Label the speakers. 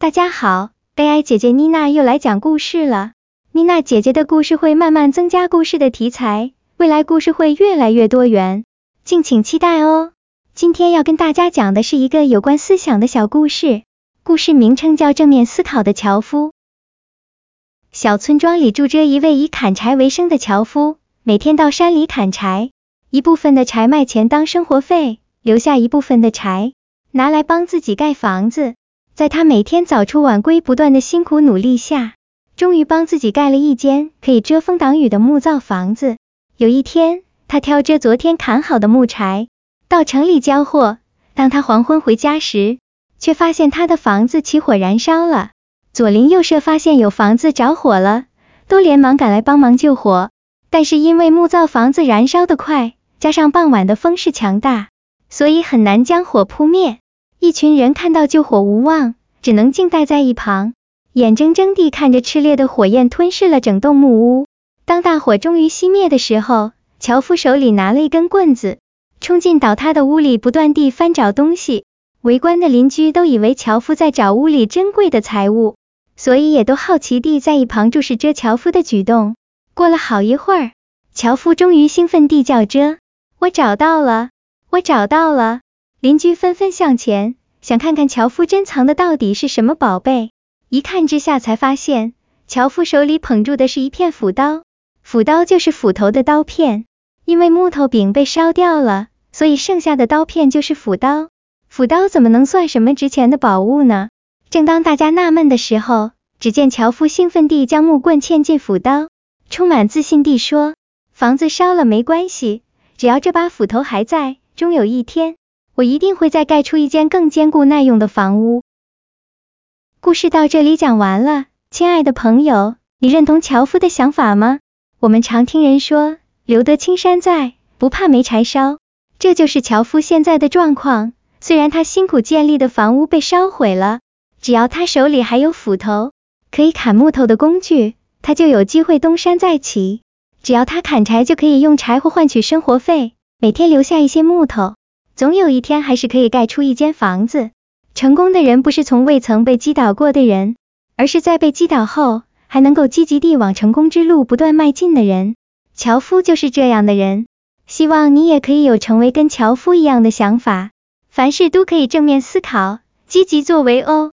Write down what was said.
Speaker 1: 大家好，Ai 姐姐妮娜又來講故事了。妮娜姐姐的故事會慢慢增加故事的題材，未來故事會越來越多元，敬請期待哦。今天要跟大家講的是一個有關思想的小故事，故事名稱叫《正面思考的樵夫》。小村莊裡住着一位以砍柴為生的樵夫，每天到山裡砍柴，一部分的柴賣錢當生活費，留下一部分的柴拿來幫自己蓋房子。在他每天早出晚歸、不斷的辛苦努力下，終於幫自己蓋了一間可以遮風擋雨的木造房子。有一天，他挑着昨天砍好的木柴到城裡交貨。當他黃昏回家時，卻發現他的房子起火燃燒了。左鄰右舍發現有房子着火了，都連忙趕來幫忙救火。但是因為木造房子燃燒得快，加上傍晚的風勢強大，所以很難將火撲滅。一群人看到救火無望，只能靜待在一旁，眼睜睜地看着熾烈的火焰吞噬了整棟木屋。當大火終於熄滅的時候，樵夫手裡拿了一根棍子，衝進倒塌的屋裡，不斷地翻找東西。圍觀的鄰居都以為樵夫在找屋裡珍貴的財物，所以也都好奇地在一旁注視着樵夫的舉動。過了好一會兒，樵夫終於興奮地叫着：“我找到了！我找到了！”鄰居紛紛向前。想看看樵夫珍藏的到底是什麼寶貝，一看之下才發現，樵夫手裡捧住的是一片斧刀，斧刀就是斧頭的刀片，因為木頭柄被燒掉了，所以剩下的刀片就是斧刀。斧刀怎麼能算什麼值錢的寶物呢？正當大家納悶的時候，只見樵夫興奮地將木棍嵌進斧刀，充滿自信地說：“房子燒了沒關係，只要這把斧頭還在，終有一天。”我一定會再蓋出一間更堅固耐用的房屋。故事到這裡講完了，親愛的朋友，你認同樵夫的想法嗎？我們常聽人說，留得青山在，不怕沒柴燒。這就是樵夫現在的狀況。雖然他辛苦建立的房屋被燒毀了，只要他手裡還有斧頭，可以砍木頭的工具，他就有機會東山再起。只要他砍柴，就可以用柴火換取生活費，每天留下一些木頭。總有一天還是可以蓋出一間房子。成功的人不是從未曾被擊倒過的人，而是在被擊倒後還能夠積極地往成功之路不斷邁進的人。樵夫就是這樣的人。希望你也可以有成為跟樵夫一樣的想法，凡事都可以正面思考，積極作為哦。